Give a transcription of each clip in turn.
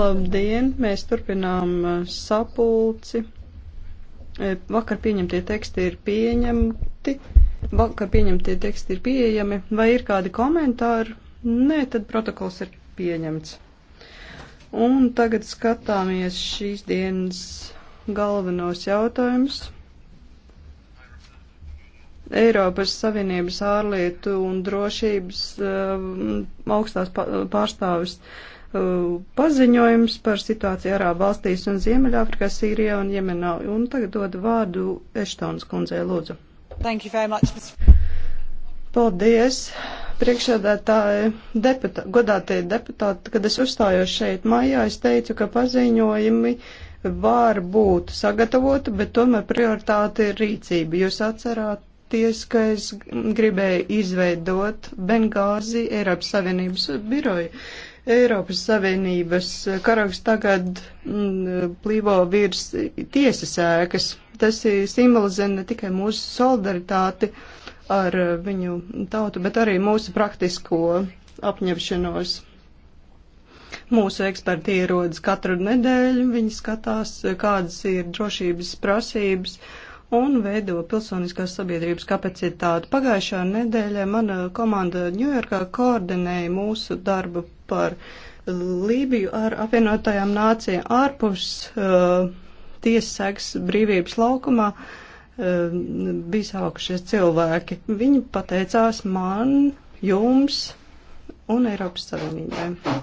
Labdien! Mēs turpinām uh, sapulci. E, vakar pieņemtie teksti ir pieņemti. Vakar pieņemtie teksti ir pieejami. Vai ir kādi komentāri? Nē, tad protokols ir pieņemts. Un tagad skatāmies šīs dienas galvenos jautājumus. Eiropas Savienības ārlietu un drošības eh, augstās pārstāvis eh, paziņojums par situāciju Arābu valstīs un Ziemeļāfrikā, Sīrijā un Jemenā. Un tagad dodu vārdu Eštons kundzei, lūdzu. Thank you very much. Paldies, priekšsēdētāji, deputā, godātie deputāti, kad es uzstājos šeit mājā, es teicu, ka paziņojumi var būt sagatavoti, bet tomēr prioritāte ir rīcība. Jūs atcerāt, faktiski es gribēju izveidot Bengāzi Eiropas Savienības biroju. Eiropas Savienības karoks tagad m, mm, plīvo virs tiesas ēkas. Tas simbolizē ne tikai mūsu solidaritāti ar e, viņu tautu, bet arī mūsu praktisko apņemšanos. Mūsu eksperti ierodas katru nedēļu, viņi skatās, kādas ir drošības prasības. Uh, un veido pilsoniskās sabiedrības kapacitāti. Pagājušā nedēļā mana komanda Ņujorkā koordinēja mūsu darbu par Lībiju ar apvienotajām nācijām ārpus uh, tiesas brīvības laukumā. Uh, bija sākušies cilvēki. Viņi pateicās man, jums un Eiropas Savienībai.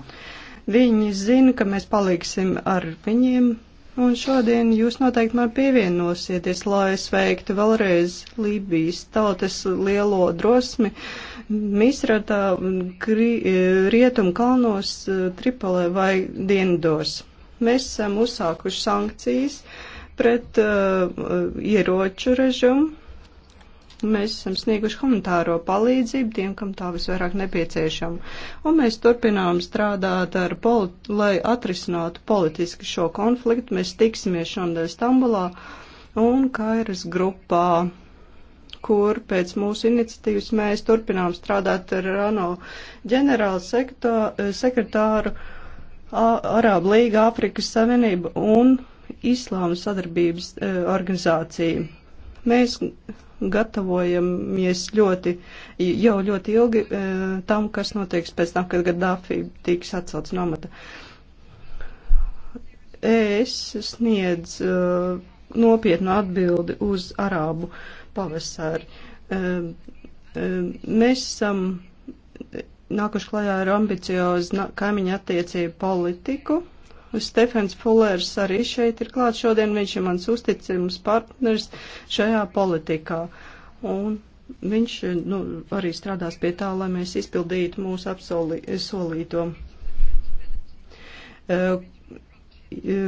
Viņi zina, ka mēs paliksim ar viņiem Un šodien jūs noteikti man pievienosieties, lai sveiktu vēlreiz Lībijas tautas lielo drosmi Misratā, Rietumu kalnos, Tripolē vai Dienvidos. Mēs esam uzsākuši sankcijas pret uh, ieroču režīmu, Mēs esam snieguši humanitāro palīdzību tiem, kam tā visvairāk nepieciešama. Un mēs turpinām strādāt, ar politi lai atrisinātu politiski šo konfliktu. Mēs tiksimies šonadēļ Stambulā un Kairas grupā, kur pēc mūsu iniciatīvas mēs turpinām strādāt ar ANO ģenerālu sekretāru, Arābu līga, Āfrikas Savienība un Islāma sadarbības e, organizāciju. Mēs gatavojamies ļoti, jau ļoti ilgi e, tam, kas notiks pēc tam, kad Gaddafi tiks atcelts no amata. Es sniedz e, nopietnu atbildi uz arābu pavasari. E, e, mēs esam nākuši klajā ar ambiciozu kaimiņu attiecību politiku Stefens Fulērs arī šeit ir klāt šodien, viņš ir mans uzticams partners šajā politikā. Un viņš nu, arī strādās pie tā, lai mēs izpildītu mūsu apsolī, solīto. E, e,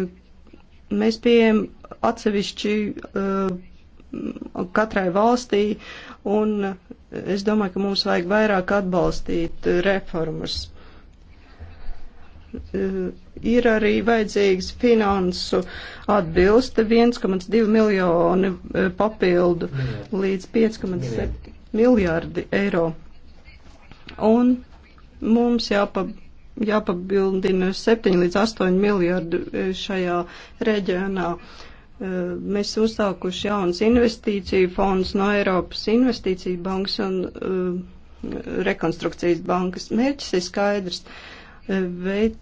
mēs pieejam atsevišķi e, katrai valstī, un es domāju, ka mums vajag vairāk atbalstīt reformas ir arī vajadzīgs finansu atbilsta 1,2 miljoni e, papildu līdz 5,7 miljārdi eiro. Un mums jāpa, jāpabildina 7 līdz 8 miljārdu e, šajā reģionā. E, mēs uzsākuši jaunas investīciju fondus no Eiropas investīciju bankas un uh, rekonstrukcijas bankas. Mērķis ir skaidrs. Uh, Veic,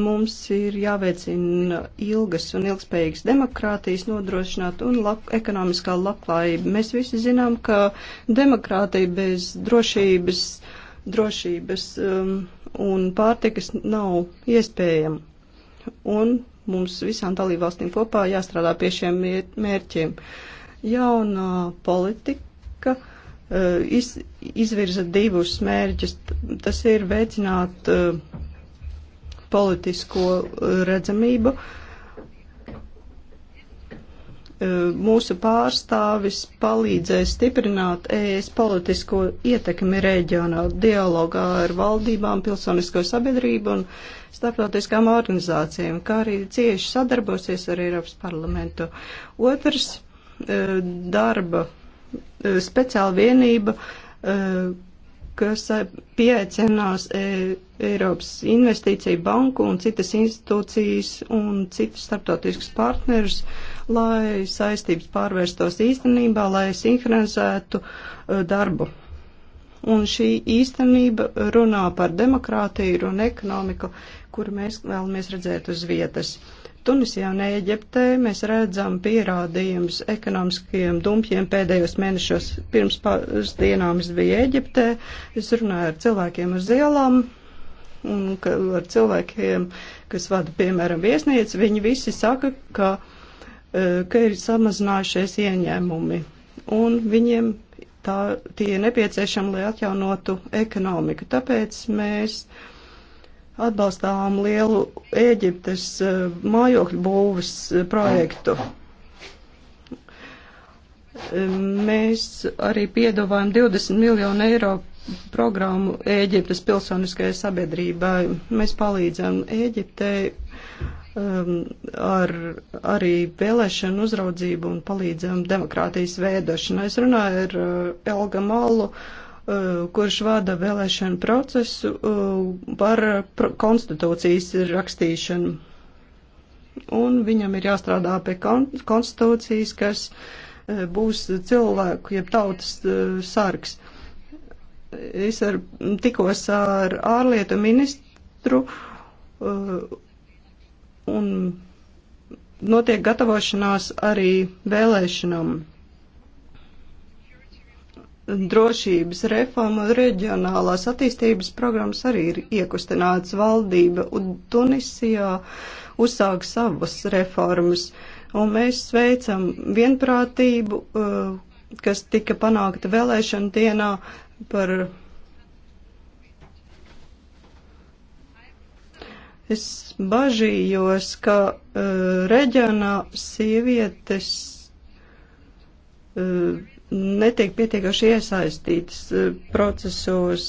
mums ir jāveicina ilgas un ilgspējīgas demokrātijas nodrošināt un lab, ekonomiskā labklājība. Mēs visi zinām, ka demokrātija bez drošības, drošības um, un pārtikas nav iespējama. Un mums visām dalībvalstīm kopā jāstrādā pie šiem mērķiem. Jaunā politika uh, iz, izvirza divus mērķus. Tas ir veicināt uh, politisko eh, redzamību. Eh, mūsu pārstāvis palīdzēs stiprināt ES politisko ietekmi reģionā dialogā ar valdībām, pilsonisko sabiedrību un starptautiskām organizācijām, kā arī cieši sadarbosies ar Eiropas parlamentu. Otrs eh, darba speciāla vienība kas eh, pieaicinās eh, Eiropas investīciju banku un citas institūcijas un citus starptautiskus partnerus, lai saistības pārvērstos īstenībā, lai sinhronizētu eh, darbu. Un šī īstenība runā par demokrātiju un ekonomiku, kuru mēs vēlamies redzēt uz vietas. Tunisijā un Eģiptē mēs redzam pierādījumus ekonomiskiem dumpjiem pēdējos mēnešos. Pirms pāris dienām es biju Eģiptē, es runāju ar cilvēkiem uz ielām, un ka, ar cilvēkiem, kas vada, piemēram, viesnīcu, viņi visi saka, ka, e, ka ir samazinājušies ieņēmumi, un viņiem tā, tie ir nepieciešami, lai atjaunotu ekonomiku. Tāpēc mēs. Uh, atbalstām lielu Ēģiptes eh, mājokļu būvas eh, projektu. Eh, mēs arī piedāvājam 20 miljonu eiro programmu Ēģiptes pilsoniskajai sabiedrībai. Mēs palīdzam Ēģiptei um, ar arī vēlēšanu uzraudzību un palīdzam demokrātijas veidošanai. Es runāju ar uh, Elga Malu. Uh, Uh, kurš vada vēlēšanu procesu uh, par konstitūcijas rakstīšanu. Un viņam ir jāstrādā pie konstitūcijas, kas uh, būs cilvēku, jeb tautas sargs. Es ar, tikos ar ārlietu ministru un notiek gatavošanās arī vēlēšanām drošības reforma un reģionālās attīstības programmas arī ir iekustināts. Valdība un Tunisijā uzsāk savas reformas, un mēs sveicam vienprātību, eh, kas tika panākta vēlēšana dienā par. Es bažījos, ka uh, reģionā sievietes uh, netiek pietiekoši iesaistītas eh, procesos.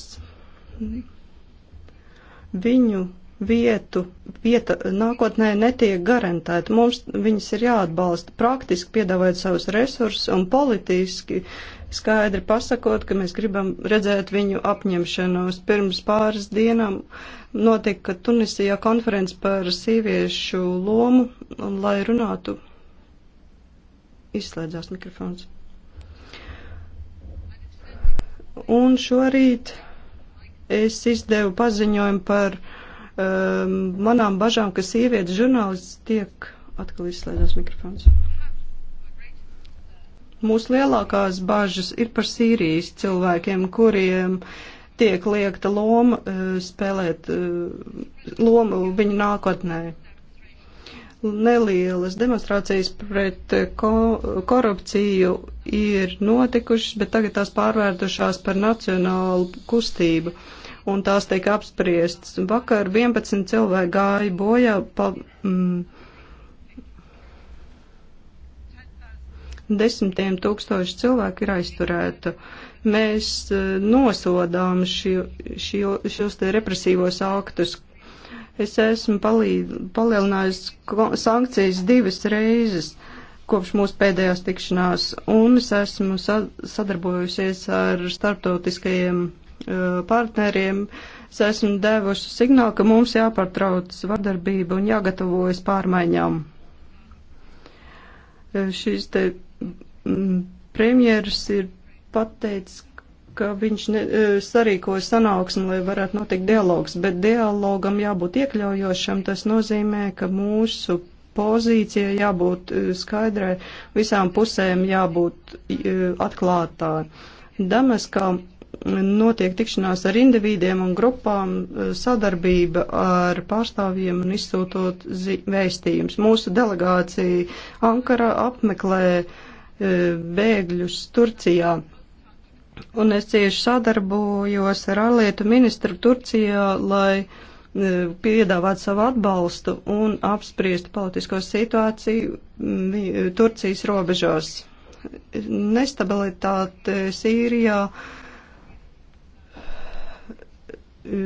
Viņu vietu, vieta nākotnē netiek garantēta. Mums viņas ir jāatbalsta praktiski, piedāvājot savus resursus un politiski skaidri pasakot, ka mēs gribam redzēt viņu apņemšanos. Pirms pāris dienām notika Tunisijā konference par sieviešu lomu, un, lai runātu, izslēdzās mikrofons. Un šorīt es izdevu paziņojumu par um, manām bažām, ka sievietes žurnālists tiek atkal izslēdzās mikrofons. Mūsu lielākās bažas ir par Sīrijas cilvēkiem, kuriem tiek liekta loma uh, spēlēt uh, lomu viņu nākotnē. Nelielas demonstrācijas pret eh, ko korupciju ir notikušas, bet tagad tās pārvērtušās par nacionālu kustību un tās tiek apspriestas. Vakar 11 cilvēki gāja bojā. Pa, mm, desmitiem tūkstoši cilvēku ir aizturēta. Mēs eh, nosodām šī, šī, šos te represīvos aktus, Es esmu palielinājis sankcijas divas reizes kopš mūsu pēdējās tikšanās, un es esmu sadarbojusies ar starptautiskajiem partneriem. Es esmu devuši signālu, ka mums jāpārtrauc vardarbība un jāgatavojas pārmaiņām. Šīs te premjeras ir pateicis, ka viņš ne, e, sarīkoja sanāksmi, lai varētu notikt dialogs, bet dialogam jābūt iekļaujošam, tas nozīmē, ka mūsu pozīcija jābūt e, skaidrai, visām pusēm jābūt e, atklātā. Damaskā notiek tikšanās ar individiem un grupām, sadarbība ar pārstāvjiem un izsūtot vēstījums. Mūsu delegācija Ankara apmeklē bēgļus Turcijā un es cieši sadarbojos ar ārlietu ministru Turcijā, lai e, piedāvāt savu atbalstu un apspriest politisko situāciju mm, e, Turcijas robežās. Nestabilitāte Sīrijā e,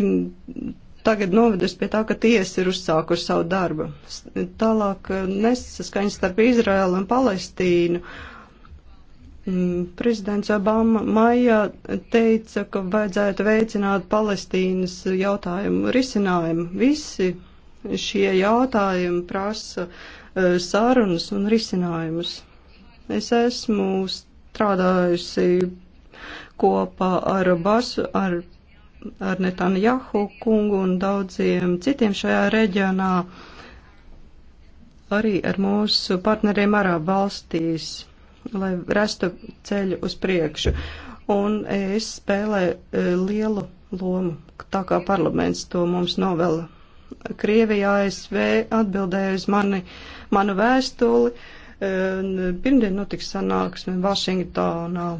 ir tagad novedusi pie tā, ka tiesa ir uzsākuši savu darbu. Tālāk nesaskaņas starp Izraēlu un Palestīnu Mm, prezidents Obama maijā teica, ka vajadzētu veicināt Palestīnas jautājumu risinājumu. Visi šie jautājumi prasa e, sarunas un risinājumus. Es esmu strādājusi kopā ar Basu, ar, ar Netanjahu kungu un daudziem citiem šajā reģionā, arī ar mūsu partneriem Arābu valstīs lai rastu ceļu uz priekšu. Un es spēlēju e, lielu lomu, tā kā parlaments to mums novēla. Krievija ASV atbildēja uz mani, manu vēstuli. E, pirmdien notiks sanāksme Vašingtonā.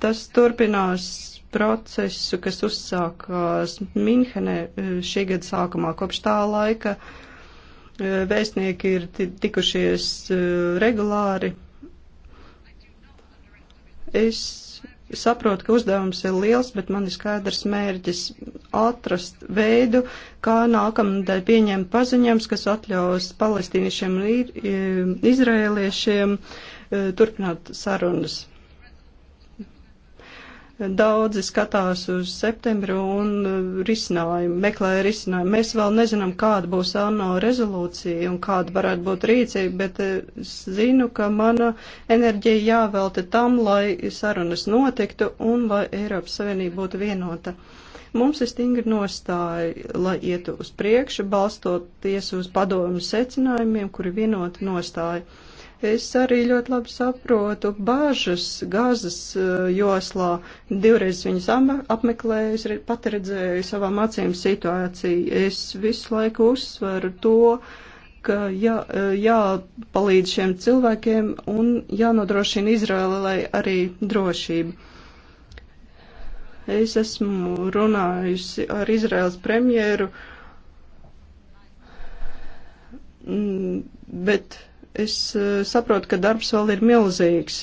Tas turpinās procesu, kas uzsākās Minhenē e, šī gada sākumā. Kopš tā laika vēstnieki ir tikušies regulāri Es saprotu, ka uzdevums ir liels, bet man ir skaidrs mērķis atrast veidu, kā nākamnedēļ pieņemt paziņojums, kas atļaus palestīniešiem un e, izrēliešiem e, turpināt sarunas. Daudzi skatās uz septembru un uh, risinājumu, meklē risinājumu. Mēs vēl nezinām, kāda būs ANO rezolūcija un kāda varētu būt rīcība, bet uh, es zinu, ka mana enerģija jāvelta tam, lai sarunas notiktu un lai Eiropas Savienība būtu vienota. Mums ir stingri nostāja, lai ietu uz priekšu, balstoties uz padomu secinājumiem, kuri vienota nostāja. Es arī ļoti labi saprotu bāžas gazas eh, joslā. Divreiz viņas apmeklēju, pat redzēju savām acīm situāciju. Es visu laiku uzsveru to, ka jā, eh, jāpalīdz šiem cilvēkiem un jānodrošina Izraēlai arī drošība. Es esmu runājusi ar Izraels premjeru, mm, bet Es eh, saprotu, ka darbs vēl ir milzīgs.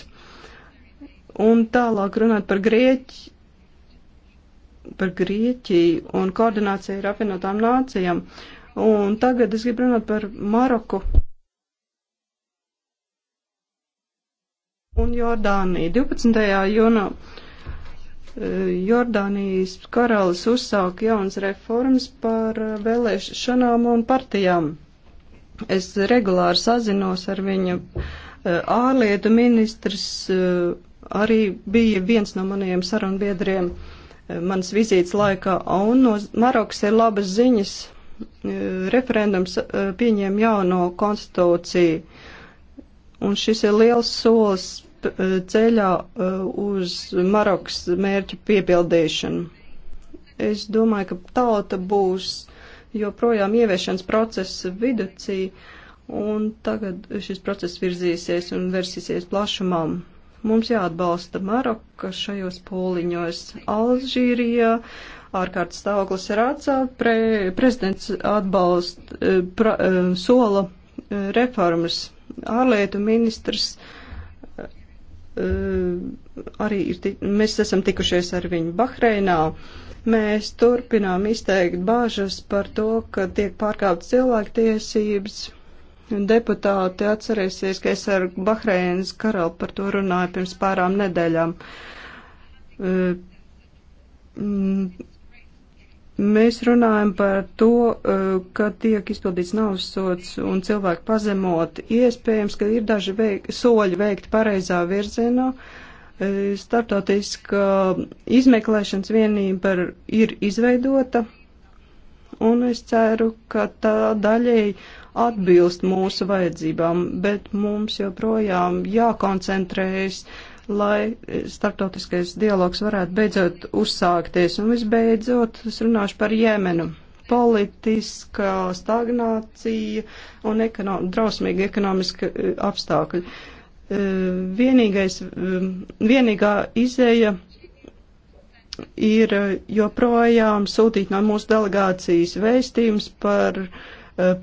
Un tālāk runāt par Grieķiju, par Grieķiju un koordināciju ar apvienotām nācijām. Un tagad es gribu runāt par Maroku un Jordāniju. 12. jūnā eh, Jordānijas karalis uzsāka jaunas reformas par eh, vēlēšanām un partijām. Es regulāri sazinos ar viņu. Eh, ārlietu ministrs eh, arī bija viens no maniem sarunbiedriem eh, manas vizītes laikā, un no Marokas ir labas ziņas. Referendums pieņēma jauno konstitūciju, un šis ir liels solis ceļā uz Marokas mērķu piepildīšanu. Es domāju, ka tauta būs joprojām ieviešanas process viducī, un tagad šis process virzīsies un versīsies plašumam. Mums jāatbalsta Maroka šajos pūliņos Alžīrijā, ārkārtas stāvoklis ir atcelt, pre, prezidents atbalst, eh, pra, eh, sola eh, reformas, ārlietu ministrs arī ir, mēs esam tikušies ar viņu Bahreinā. Mēs turpinām izteikt bāžas par to, ka tiek pārkāptas cilvēktiesības. Deputāti atcerēsies, ka es ar Bahreinas karalu par to runāju pirms pārām nedēļām. Mēs runājam par to, ka tiek izpildīts naudasots un cilvēki pazemoti. Iespējams, ka ir daži veik, soļi veikti pareizā virzienā. No E, startautiska izmeklēšanas vienība ir izveidota, un es ceru, ka tā daļēji atbilst mūsu vajadzībām, bet mums joprojām jākoncentrējas, lai startautiskais dialogs varētu beidzot uzsākties. Un visbeidzot, es runāšu par Jemenu. Politiskā stagnācija un ekonom drausmīgi ekonomiski e, apstākļi. Uh, Eh, vienīgais, eh, vienīgā izēja ir eh, joprojām sūtīt no mūsu delegācijas vēstījums par,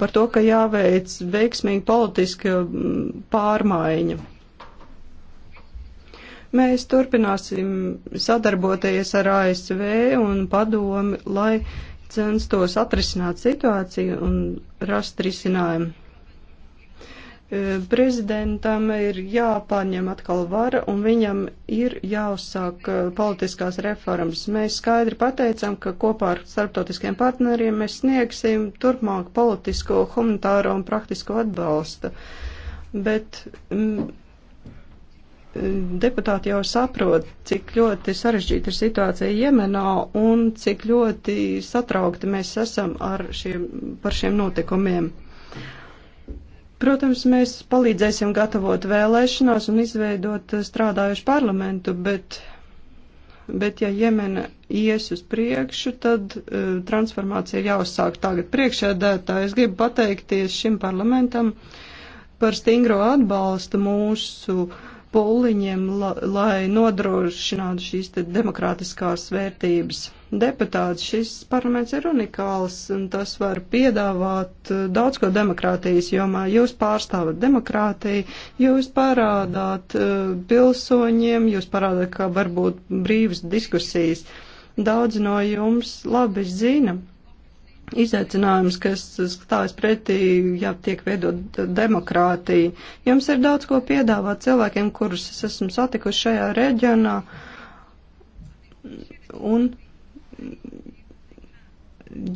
par to, ka jāveic veiksmīgi politiska mm, pārmaiņa. Mēs turpināsim sadarboties ar ASV un padomi, lai censtos atrisināt situāciju un rast risinājumu. E, prezidentam ir jāpārņem atkal vara un viņam ir jāuzsāk e, politiskās reformas. Mēs skaidri pateicam, ka kopā ar starptautiskiem partneriem mēs sniegsim turpmāk politisko, humanitāro un praktisko atbalstu. Bet m, e, deputāti jau saprot, cik ļoti sarežģīta ir situācija Jemenā un cik ļoti satraukti mēs esam šiem, par šiem notikumiem. Protams, mēs palīdzēsim gatavot vēlēšanās un izveidot eh, strādājušu parlamentu, bet, bet ja Jemena ies uz priekšu, tad uh, transformācija ir jāuzsāk tagad. Priekšēdētā es gribu pateikties šim parlamentam par stingro atbalstu mūsu uh, pūliņiem, lai nodrošinātu šīs demokrātiskās vērtības. Deputāts šis parlaments ir unikāls un tas var piedāvāt eh, daudz ko demokrātijas jomā. Jūs pārstāvat demokrātiju, jūs parādāt eh, pilsoņiem, jūs parādāt, kā varbūt brīvas diskusijas. Daudz no jums labi zina, izaicinājums, kas stājas pretī, ja tiek veidot demokrātija. Jums ir daudz ko piedāvāt cilvēkiem, kurus es esmu satikuši šajā reģionā. Un,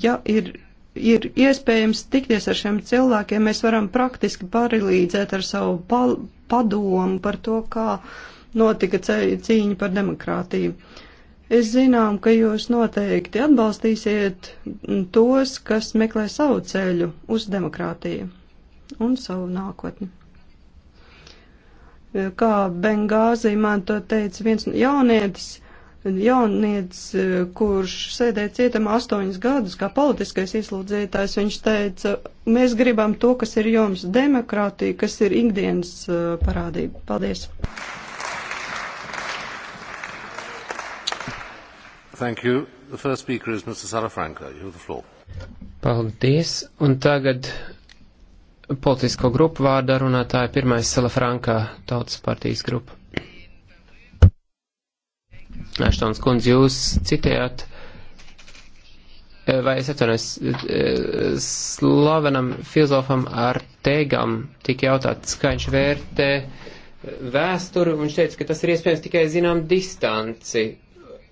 ja ir, ir iespējams tikties ar šiem cilvēkiem, mēs varam praktiski paralīdzēt ar savu pal, padomu par to, kā notika cīņa par demokrātiju. Uh, Es zinām, ka jūs noteikti atbalstīsiet tos, kas meklē savu ceļu uz demokrātiju un savu nākotni. Kā Bengāzi man to teica viens jaunietis, jaunietis, kurš sēdēja cietumā astoņus gadus kā politiskais ieslodzītājs, viņš teica, mēs gribam to, kas ir jums demokrātija, kas ir ikdienas uh, parādība. Paldies! Thank you. The first speaker is Mr. Salafranca. You have the floor. Paldies. Un tagad politisko grupu vārdā runātāja pirmais Salafranca Tautas partijas grupa. Aštons kundze, jūs citējāt, vai es atvainojos, slavenam filozofam Artegam tika jautāts, kā viņš vērtē vēsturi, un viņš teica, ka tas ir iespējams tikai zinām distanci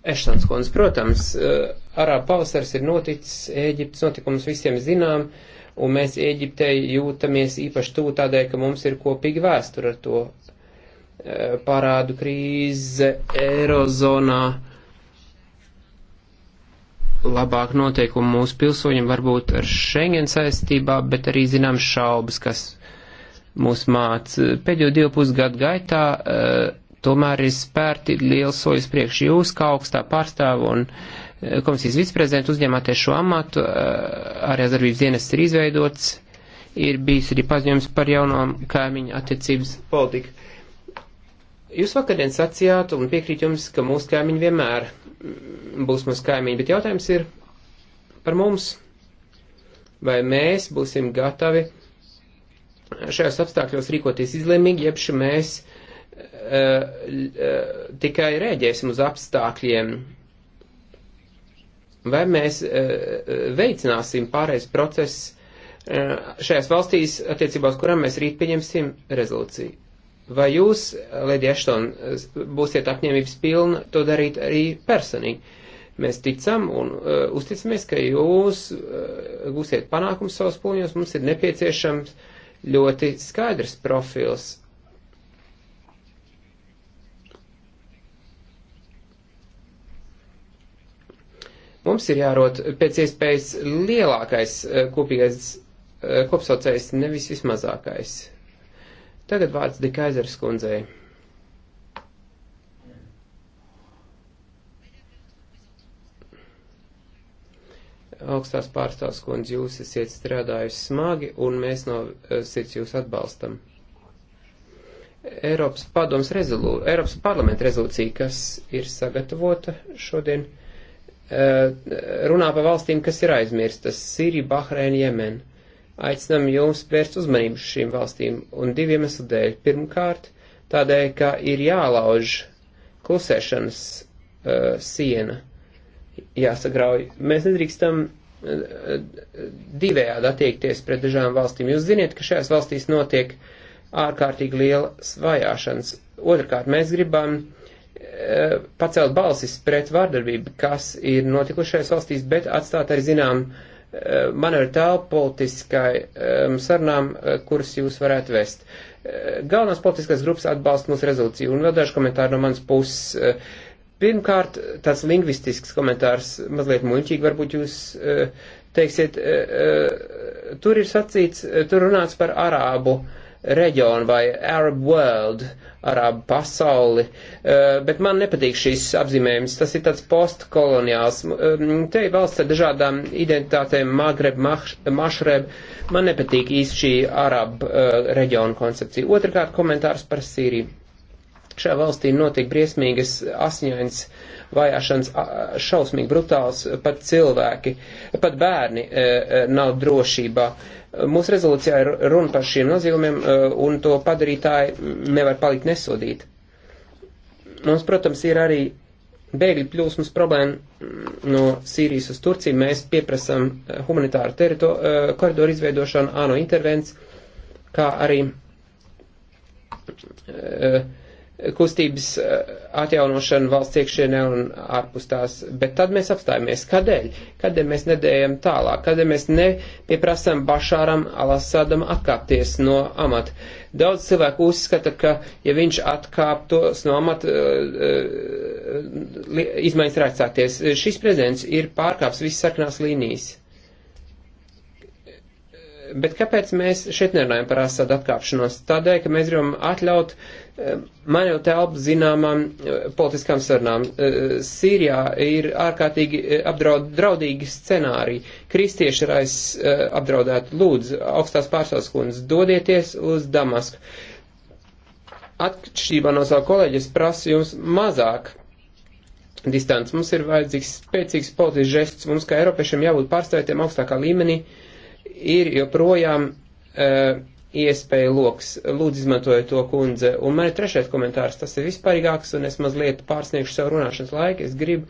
Eštons kundze, protams, eh, Arāba pavasars ir noticis, Ēģiptes notikums visiem zinām, un mēs Ēģiptei jūtamies īpaši tū tādēļ, ka mums ir kopīga vēstura ar to eh, parādu krīze Eirozonā. Labāk noteikumu mūsu pilsoņiem varbūt ar Schengen saistībā, bet arī zinām šaubas, kas mūs māca. Pēdējo divu pusgadu gaitā uh, tomēr ir spērti liels soļus priekš jūs, kā augstā pārstāva un eh, komisijas viceprezidenta uzņemāties šo amatu, eh, arī azarbības dienas ir izveidots, ir bijis arī paziņojums par jaunām kaimiņu attiecības politiku. Jūs vakardien sacījāt un piekrīt jums, ka mūsu kaimiņi vienmēr mm, būs mūsu kaimiņi, bet jautājums ir par mums, vai mēs būsim gatavi šajos apstākļos rīkoties izlēmīgi, jeb šim mēs Eh, eh, tikai rēģēsim uz apstākļiem, vai mēs eh, veicināsim pārējais process šajās valstīs, attiecībās kurām mēs rīt pieņemsim rezolūciju. Vai jūs, Lady Ashton, būsiet apņēmības pilna to darīt arī personīgi? Mēs ticam un uh, uzticamies, ka jūs uh, gūsiet panākumus savos pūļos. Mums ir nepieciešams ļoti skaidrs profils Mums ir jārot pēc iespējas lielākais eh, kopīgais eh, kopsaucējs, nevis vismazākais. Tagad vārds Dikaizers kundzei. augstās pārstāvs kundze, jūs esat strādājusi smagi un mēs no eh, sirds jūs atbalstam. Eiropas padoms rezolūcija, Eiropas parlamenta rezolūcija, kas ir sagatavota šodien, runā par valstīm, kas ir aizmirstas - Sīrija, Bahreina, Jemen. Aicinam jums vērst uzmanību šīm valstīm un diviem eslu dēļ. Pirmkārt, tādēļ, ka ir jālauž klusēšanas uh, siena, jāsagrauj. Mēs nedrīkstam uh, divējādi attiekties pret dažām valstīm. Jūs ziniet, ka šajās valstīs notiek ārkārtīgi liela svajāšanas. Otrakārt, mēs gribam uh, pacelt balsis pret vārdarbību, kas ir notikušais valstīs, bet atstāt arī zinām manevru tālu politiskai um, sarunām, uh, kuras jūs varētu vest. Uh, galvenās politiskās grupas atbalsta mūsu rezolūciju un vēl daži komentāri no manas puses. Uh, pirmkārt, tāds lingvistisks komentārs, mazliet muļķīgi varbūt jūs teiksiet, tur ir sacīts, tur runāts par arābu uh, reģionu vai Arab World, Arabu pasauli, eh, bet man nepatīk šīs apzīmējums. Tas ir tāds postkoloniāls. Eh, te ir valsts ar dažādām identitātēm, Magreb, Mašreb. Man nepatīk īsti šī Arabu eh, reģionu koncepcija. Otrakārt komentārs par Sīriju. Šajā valstī notiek briesmīgas asiņainas vajāšanas, šausmīgi brutāls, pat cilvēki, pat bērni nav drošībā. Uh, Mūsu rezolūcijā ir runa par šiem noziegumiem, eh, un to padarītāji nevar palikt nesodīti. Mums, protams, ir arī bēgļu plūsmas problēma mm, no Sīrijas uz Turciju. Mēs pieprasam eh, humanitāru eh, koridoru izveidošanu, ANO intervences, kā arī uh, kustības eh, atjaunošanu valsts iekšienē un ārpus tās. Bet tad mēs apstājamies. Kādēļ? Kādēļ mēs nedējam tālāk? Kādēļ mēs nepieprasām Bašāram Alasadam atkāpties no amata? Daudz cilvēku uzskata, ka ja viņš atkāptos no amata, eh, eh, izmaiņas varētu sākties. Šis prezidents ir pārkāps visas sarkanās līnijas. Bet kāpēc mēs šeit nerunājam par Asadu atkāpšanos? Tādēļ, ka mēs gribam atļaut uh, man jau telpa zināmām eh, politiskām sarunām. Eh, Sīrijā ir ārkārtīgi eh, apdraudīgi scenāriji. Kristieši ir aiz apdraudēti. Lūdzu, augstās pārstāvs kundze, dodieties uz Damasku. Atšķirībā no savu kolēģis prasu jums mazāk distants. Mums ir vajadzīgs spēcīgs politisks žests. Mums, kā Eiropiešiem, jābūt pārstāvētiem augstākā līmenī. Ir joprojām uh, iespēju loks. Lūdzu, izmantoju to kundze. Un man ir trešais komentārs, tas ir vispārīgāks, un es mazliet pārsniegšu savu runāšanas laiku. Es gribu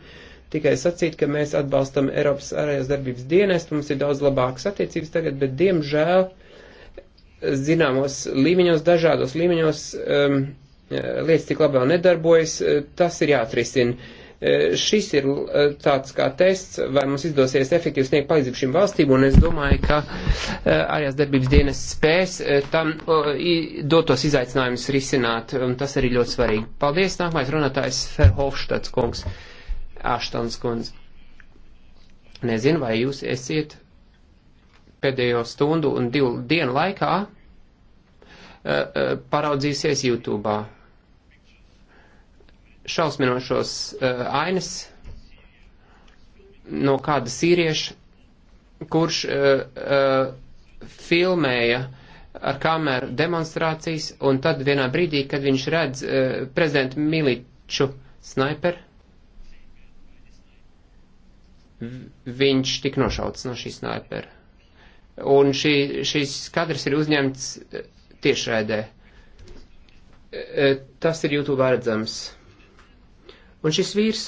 tikai sacīt, ka mēs atbalstam Eiropas ārējās darbības dienestu, mums ir daudz labākas attiecības tagad, bet diemžēl zināmos līmeņos, dažādos līmeņos um, lietas tik labi vēl nedarbojas, tas ir jāatrisina Eh, šis ir eh, tāds kā tests, vai mums izdosies efektīvi sniegt palīdzību šīm valstīm, un es domāju, ka ārējās eh, darbības dienas spēs tam dotos izaicinājumus risināt, un tas arī ļoti svarīgi. Paldies, nākamais runātājs Ferhofštats kungs, Aštons kungs. Nezinu, vai jūs esiet pēdējo stundu un divu dienu laikā paraudzīsies YouTube. Ā šausminošos uh, ainas no kāda sīrieša, kurš uh, uh, filmēja ar kameru demonstrācijas, un tad vienā brīdī, kad viņš redz uh, prezidentu Miliču snaiperu, viņš tik nošauts no šī snaipera. Un šī, šīs kadras ir uzņemts tiešraidē. Uh, tas ir YouTube redzams. Un šis vīrs,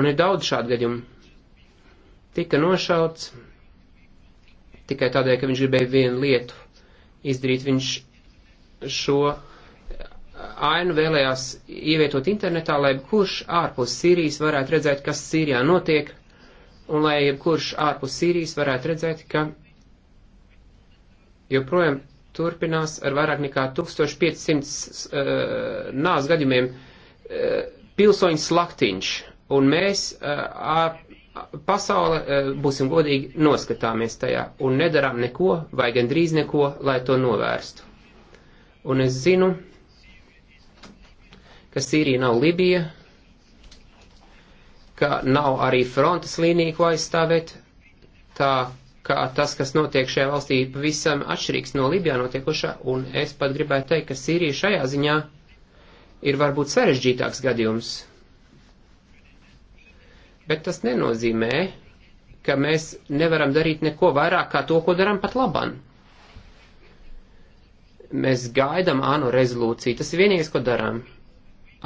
un ir daudz šādu gadījumu, tika nošauts tikai tādēļ, ka viņš gribēja vienu lietu izdarīt. Viņš šo ainu vēlējās ievietot internetā, lai kurš ārpus Sīrijas varētu redzēt, kas Sīrijā notiek, un lai kurš ārpus Sīrijas varētu redzēt, ka joprojām turpinās ar vairāk nekā 1500 uh, nāz gadījumiem uh, pilsoņu slaktiņš, un mēs uh, pasaule, uh, būsim godīgi, noskatāmies tajā un nedarām neko vai gandrīz neko, lai to novērstu. Un es zinu, ka Sīrija nav Libija, ka nav arī frontes līnija, ko aizstāvēt, tā ka tas, kas notiek šajā valstī, pavisam atšķirīgs no Libijā notiekošā, un es pat gribētu teikt, ka Sīrija šajā ziņā ir varbūt sarežģītāks gadījums. Bet tas nenozīmē, ka mēs nevaram darīt neko vairāk kā to, ko darām pat labam. Mēs gaidām ANO rezolūciju, tas ir vienīgais, ko darām.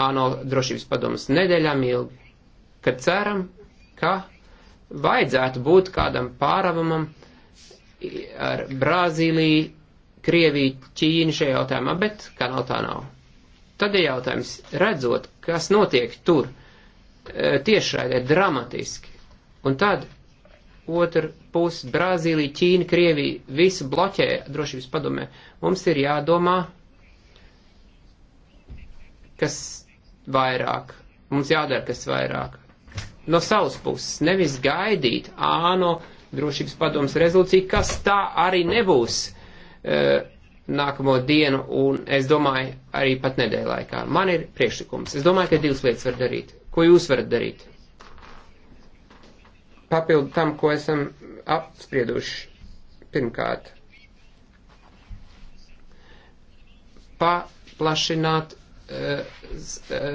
ANO drošības padomas nedēļām ilgi, kad ceram, ka vajadzētu būt kādam pāravamam ar Brazīliju, Krieviju, Ķīnu šajā jautājumā, bet kanāla tā nav. Tad ir jautājums, redzot, kas notiek tur, e, tiešraidē dramatiski. Un tad otra puse - Brazīlija, Ķīna, Krievija, visu bloķē drošības padomē. Mums ir jādomā, kas vairāk. Mums jādara kas vairāk no savas puses, nevis gaidīt āno drošības padomas rezolūciju, kas tā arī nebūs e, nākamo dienu un es domāju arī pat nedēļa laikā. Man ir priekšlikums. Es domāju, ka divas lietas var darīt. Ko jūs varat darīt? Papildu tam, ko esam apsprieduši. Pirmkārt, paplašināt e, e,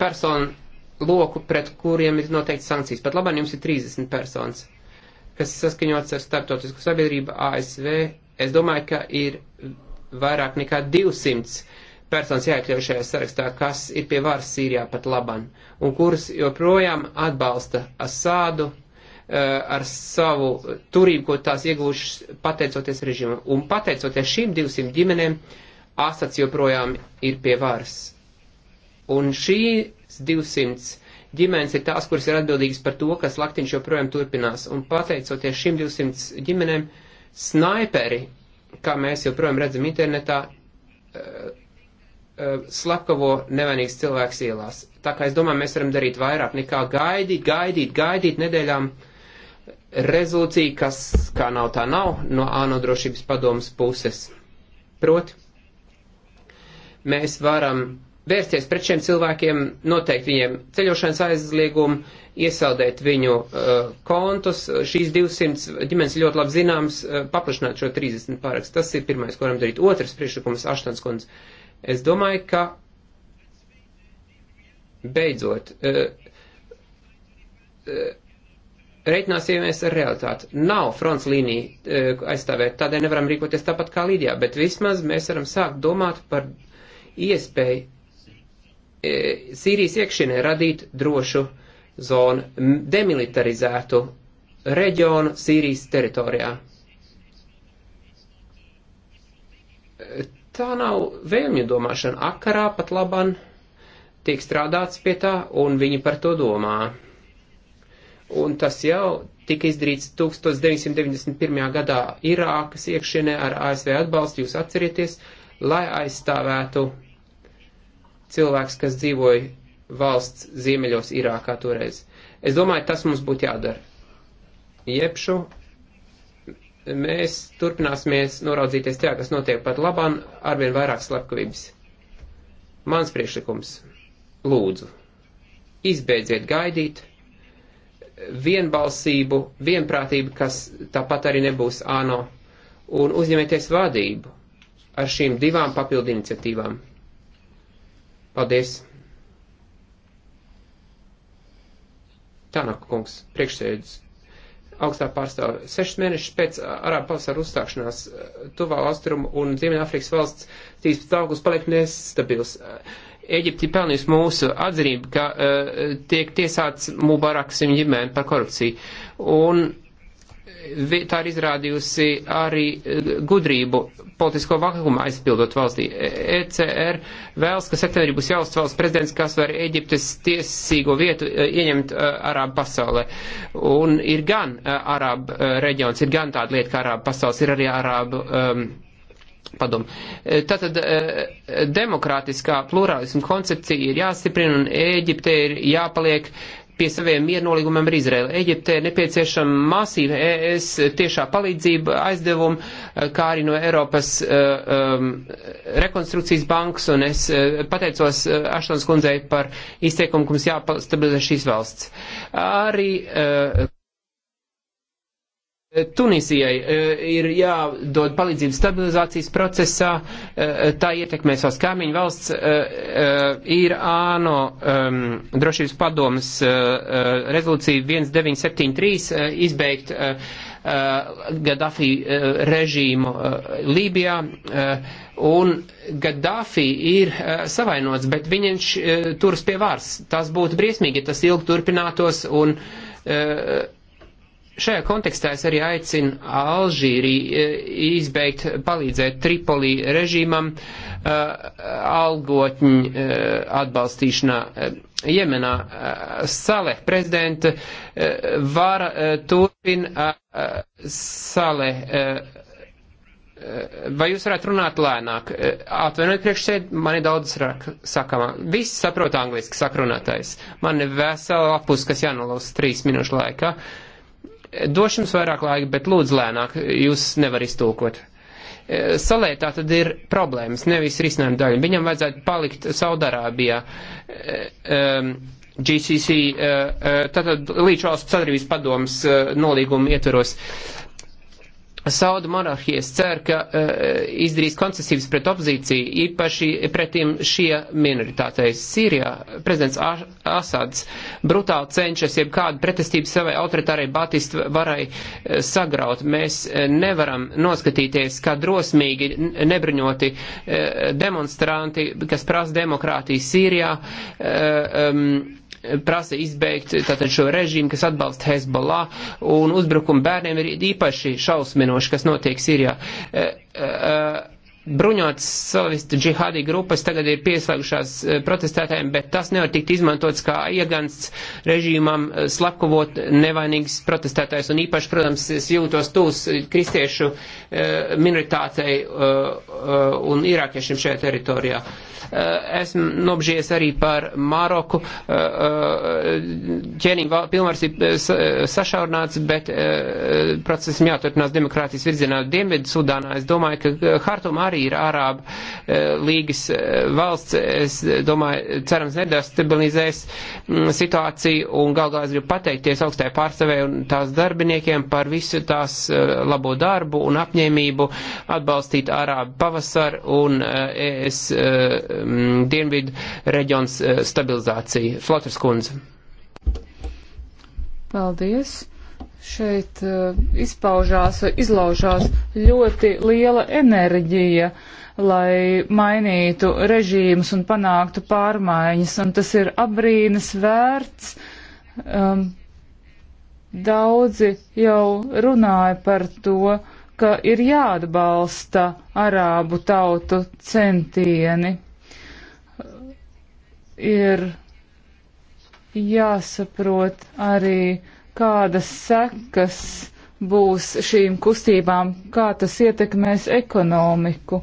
personu loku, pret kuriem ir noteikti sankcijas. Pat labāk jums ir 30 personas, kas saskaņots ar starptautisku sabiedrību ASV. Es domāju, ka ir vairāk nekā 200 personas jāiekļauj šajā sarakstā, kas ir pie varas Sīrijā pat laban, un kuras joprojām atbalsta Asādu eh, ar savu turību, ko tās iegūšas pateicoties režīmam. Un pateicoties šīm 200 ģimenēm, Asads joprojām ir pie varas. Un šī 200 ģimenes ir tās, kuras ir atbildīgas par to, kas laktiņš joprojām turpinās. Un pateicoties šim 200 ģimenēm, snaiperi, kā mēs joprojām redzam internetā, uh, uh, slepkavo nevainīgs cilvēks ielās. Tā kā es domāju, mēs varam darīt vairāk nekā gaidīt, gaidīt, gaidīt nedēļām rezolūciju, kas, kā nav tā nav, no ANO drošības padomas puses. Proti, mēs varam vērsties pret šiem cilvēkiem, noteikt viņiem ceļošanas aizliegumu, iesaldēt viņu uh, kontus. Šīs 200 ģimenes ļoti labi zināms, uh, paplašināt šo 30 pārakstu. Tas ir pirmais, ko varam darīt. Otrs priekšlikums - Aštans kundze. Es domāju, ka beidzot uh, uh, reiķināsimies ar realitāti. Nav fronts līnija uh, aizstāvēt, tādēļ nevaram rīkoties tāpat kā Līdijā, bet vismaz mēs varam sākt domāt par iespēju E, Sīrijas iekšienē radīt drošu zonu, demilitarizētu reģionu Sīrijas teritorijā. E, tā nav vēlmju domāšana. Akarā pat laban tiek strādāts pie tā, un viņi par to domā. Un tas jau tika izdarīts 1991. gadā Irākas iekšienē ar ASV atbalstu, jūs atcerieties, lai aizstāvētu cilvēks, kas dzīvoja valsts ziemeļos Irākā toreiz. Es domāju, tas mums būtu jādara. Iepšu mēs turpināsimies noraudzīties tajā, kas notiek pat labāk, arvien vairāk slepkavības. Mans priekšlikums - lūdzu, izbeidziet gaidīt vienbalsību, vienprātību, kas tāpat arī nebūs āno, un uzņemieties vadību ar šīm divām papildu iniciatīvām. Paldies! Tanaka kungs, priekšsēdus augstā pārstāve. Sešas mēnešus pēc Arābu pavasara uzstākšanās eh, tuvā austrumu un Ziemeļāfrikas valsts 13. augusts paliek nestabils. Eģipti pelnīs mūsu atzinību, ka uh, tiek tiesāts Mubaraks viņa ģimēni par korupciju. Un tā ir izrādījusi arī eh, gudrību politisko vakumu aizpildot valstī. ECR e vēlas, ka septembrī būs jāuzstāv valsts prezidents, kas var Eģiptes tiesīgo vietu eh, ieņemt eh, Arābu pasaulē. Un ir gan Arābu reģions, ir gan tāda lieta kā Arābu pasaules, ir arī Arābu. Um, Padom. E, tātad e, demokrātiskā plurālisma koncepcija ir jāstiprina un Ēģipte ir jāpaliek uh, pie saviem miernolīgumiem ar Izraelu. Eģiptē ir nepieciešama masīva ES tiešā palīdzība, aizdevuma, eh, kā arī no Eiropas uh, um, rekonstrukcijas bankas, un es uh, pateicos uh, Aštons kundzei par izteikumu, ka mums jāpastabilizē šīs valsts. Arī, uh, Eh, Tunisijai eh, ir jādod palīdzību stabilizācijas procesā, eh, tā ietekmē savas kaimiņu valsts, ir ANO ehm, drošības padomas rezolūcija 1973 izbeigt Gaddafi režīmu Lībijā, un Gaddafi ir savainots, bet viņš turas pie vārs. Tas būtu briesmīgi, ja tas ilgi turpinātos, un Šajā kontekstā es arī aicinu Alžīriju e, izbeigt palīdzēt Tripolī režīmam e, algotņu e, atbalstīšanā. Jemenā Saleh prezidenta vara turpina Saleh. Vai jūs varētu runāt lēnāk? Atvainojiet, priekšsēd, man ir daudz sakāmā. Viss saprot angliski sakrunātais. Man ir vesela lapus, kas jānolaus trīs minūšu laikā. Uh, Došu jums vairāk laika, bet lūdzu lēnāk, jūs nevar iztulkot. E, Salētā tad ir problēmas, nevis risinājuma daļa. Viņam vajadzētu palikt Saudarābijā. E, e, um, GCC, tātad līdz valsts sadarbības padomas nolīguma ietveros. Saudu monarhijas cer, ka uh, izdarīs koncesijas pret opozīciju, īpaši pretim šie minoritātei. Sīrijā prezidents Asads brutāli cenšas jebkādu pretestību savai autoritārai Batistu varai uh, sagraut. Mēs uh, nevaram noskatīties, kā drosmīgi, nebruņoti uh, demonstranti, kas prasa demokrātiju Sīrijā, uh, um, prasa izbeigt tātad šo režīmu, kas atbalsta Hezbollah, un uzbrukumi bērniem ir īpaši šausminoši, kas notiek Sīrijā. Uh, uh, bruņotas salafistu džihādī grupas tagad ir pieslēgušās eh, protestētājiem, bet tas nevar tikt izmantots kā iegansts režīmam eh, slapkavot nevainīgas protestētājs. Un īpaši, protams, es jūtos tūs kristiešu eh, minoritātei un irākiešiem šajā teritorijā. Esmu nobžies arī par Maroku. Ķēniņu pilnvars ir sašaurināts, bet procesam jāturpinās demokrātijas virzienā Dienvidu Sudānā. Es domāju, ka Hartum arī arī ir Ārāba eh, līgas eh, valsts. Es domāju, cerams, nedestabilizēs mm, situāciju un gal galā es gribu pateikties augstai pārstāvē un tās darbiniekiem par visu tās eh, labo darbu un apņēmību atbalstīt Ārābu pavasaru un es mm, dienvidu reģions stabilizāciju. Flotras kundze. Paldies šeit eh, izpaužās, izlaužās ļoti liela enerģija, lai mainītu režīmus un panāktu pārmaiņas, un tas ir abrīnas vērts. Um, daudzi jau runāja par to, ka ir jāatbalsta arābu tautu centieni. Ir jāsaprot arī, kādas sekas būs šīm kustībām, kā tas ietekmēs ekonomiku.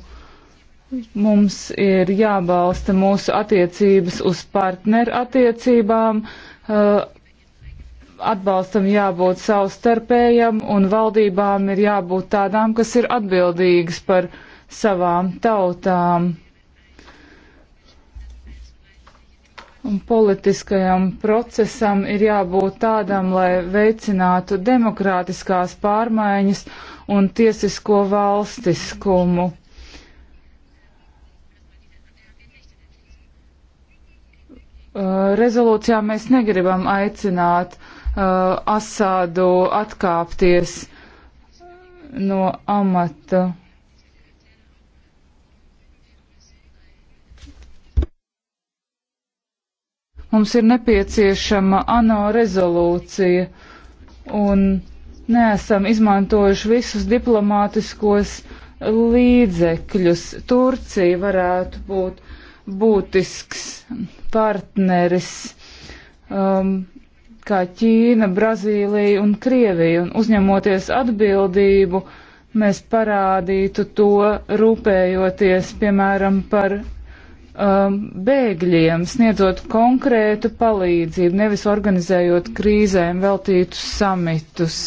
Mums ir jābalsta mūsu attiecības uz partneru attiecībām, eh, atbalstam jābūt savstarpējam un valdībām ir jābūt tādām, kas ir atbildīgas par savām tautām. Un politiskajam procesam ir jābūt tādam, lai veicinātu demokrātiskās pārmaiņas un tiesisko valstiskumu. Uh, rezolūcijā mēs negribam aicināt uh, Asādu atkāpties no amata. Mums ir nepieciešama ANO rezolūcija un neesam izmantojuši visus diplomātiskos līdzekļus. Turcija varētu būt būtisks partneris. Um, kā Ķīna, Brazīlija un Krievija, un uzņemoties atbildību, mēs parādītu to rūpējoties, piemēram, par um, bēgļiem, sniedzot konkrētu palīdzību, nevis organizējot krīzēm veltītus samitus.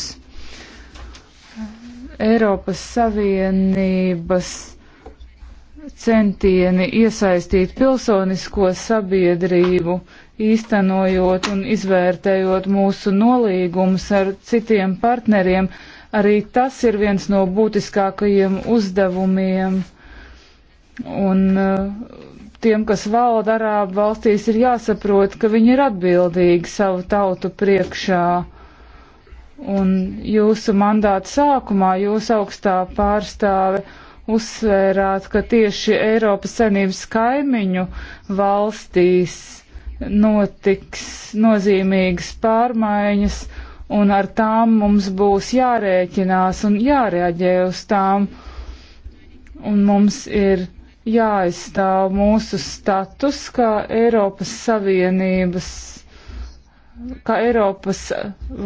Eiropas Savienības centieni iesaistīt pilsonisko sabiedrību, īstenojot un izvērtējot mūsu nolīgumus ar citiem partneriem, arī tas ir viens no būtiskākajiem uzdevumiem. Un uh, tiem, kas valda Arābu valstīs, ir jāsaprot, ka viņi ir atbildīgi savu tautu priekšā. Un jūsu mandāta sākumā jūs augstā pārstāve uzsvērāt, ka tieši Eiropas Savienības kaimiņu valstīs notiks nozīmīgas pārmaiņas, un ar tām mums būs jārēķinās un jārēģē uz tām. Un mums ir jāaizstāv mūsu status kā Eiropas Savienības, kā Eiropas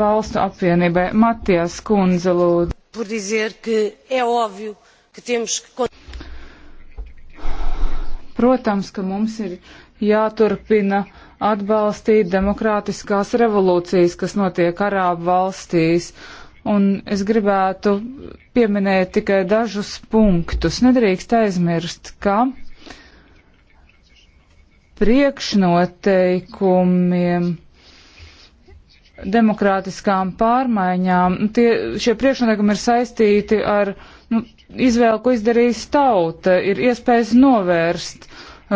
valstu apvienībai. Matijas kundze lūdzu. Protams, ka mums ir jāturpina atbalstīt demokrātiskās revolūcijas, kas notiek Arābu valstīs. Uh, un es gribētu pieminēt tikai dažus punktus. Nedrīkst aizmirst, ka priekšnoteikumiem demokrātiskām pārmaiņām, nu, tie, šie priekšnoteikumi ir saistīti ar nu, izvēlu, ko izdarīs tauta, ir iespējas novērst uh,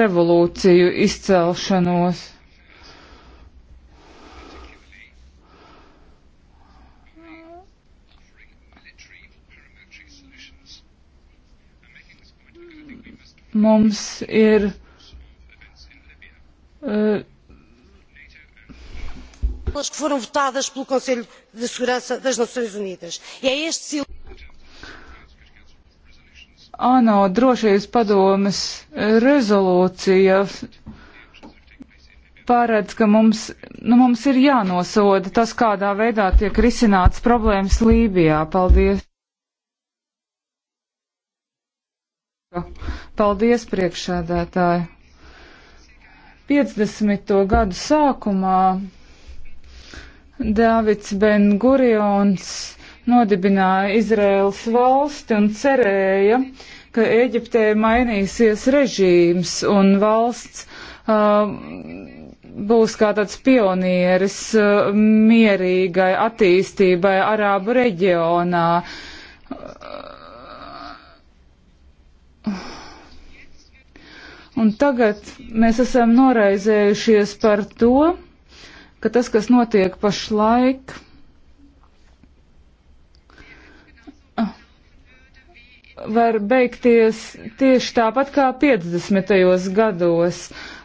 revolūciju izcelšanos. mums ir. Uh, que foram votadas pelo Conselho de Segurança das Nações Unidas. E é este ANO drošības padomes eh, rezolūcija paredz, ka mums, nu, mums ir jānosoda tas, kādā veidā tiek risināts problēmas Lībijā. Paldies! paldies priekšēdētāji. 50. gadu sākumā Dāvids Ben Gurions nodibināja Izraels valsti un cerēja, ka Eģiptē mainīsies režīms un valsts uh, būs kā tāds pionieris uh, mierīgai attīstībai Arābu reģionā. Uh, Un tagad mēs esam noraizējušies par to, ka tas, kas notiek pašlaik, var beigties tieši tāpat kā 50. gados.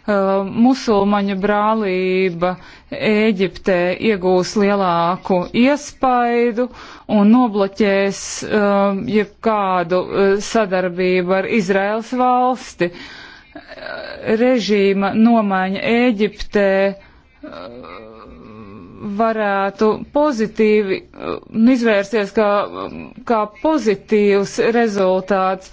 Uh, musulmaņu brālība Ēģiptē iegūs lielāku iespaidu un nobloķēs uh, jebkādu uh, sadarbību ar Izraels valsti. Uh, režīma nomaiņa Ēģiptē uh, varētu pozitīvi uh, nu, izvērsties kā, um, kā pozitīvs rezultāts,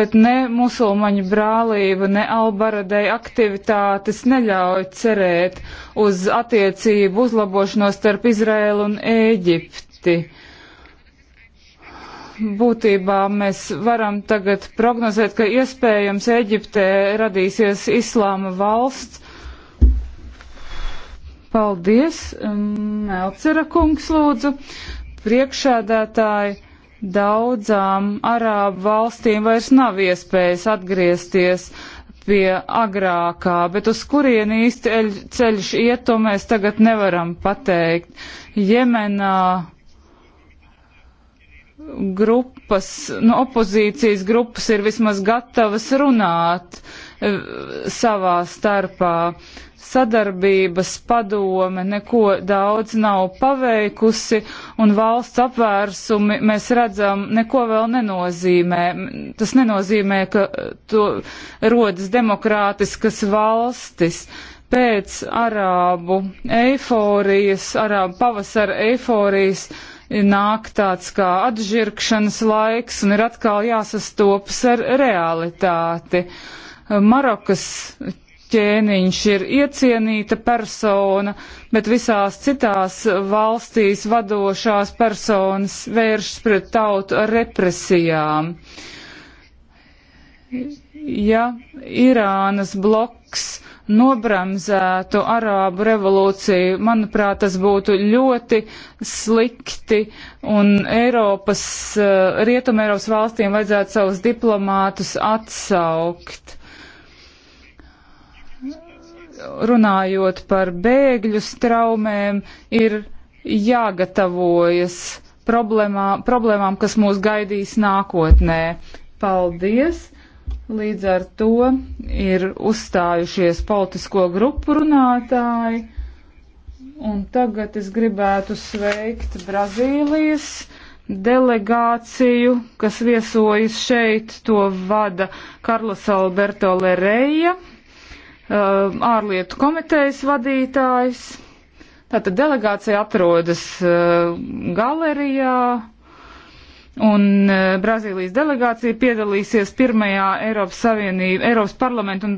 bet ne musulmaņu brālība, ne albaradēja aktivitātes neļauj cerēt uz attiecību uzlabošanos starp Izrēlu un Ēģipti. Uh, būtībā mēs varam tagad prognozēt, ka iespējams Eģiptē radīsies islāma valsts. Paldies, um, Melcera kungs lūdzu, priekšādātāji daudzām arābu valstīm vairs nav iespējas atgriezties pie agrākā, bet uz kurien īsti ceļš iet, to mēs tagad nevaram pateikt. Jemenā grupas, no nu, opozīcijas grupas ir vismaz gatavas runāt e, savā starpā. Sadarbības padome neko daudz nav paveikusi, un valsts apvērsumi, mēs redzam, neko vēl nenozīmē. Tas nenozīmē, ka e, to rodas demokrātiskas valstis. Pēc arābu eiforijas, arābu pavasara eiforijas, uh, nāk tāds kā atžirkšanas laiks un ir atkal jāsastopas ar realitāti. Marokas ķēniņš ir iecienīta persona, bet visās citās valstīs vadošās personas vēršas pret tautu ar represijām. Ja Irānas bloks nobramzētu arābu revolūciju. Manuprāt, tas būtu ļoti slikti un Eiropas, eh, Rietuma Eiropas valstīm vajadzētu savus diplomātus atsaukt. Runājot par bēgļu straumēm, ir jāgatavojas problemā, problēmām, kas mūs gaidīs nākotnē. Paldies! Līdz ar to ir uzstājušies politisko grupu runātāji. Un tagad es gribētu sveikt Brazīlijas delegāciju, kas viesojas šeit. To vada Karlos Alberto Lereja, uh, ārlietu komitejas vadītājs. Tātad delegācija atrodas uh, galerijā un eh, Brazīlijas delegācija piedalīsies pirmajā Eiropas Savienība, Eiropas parlamentu un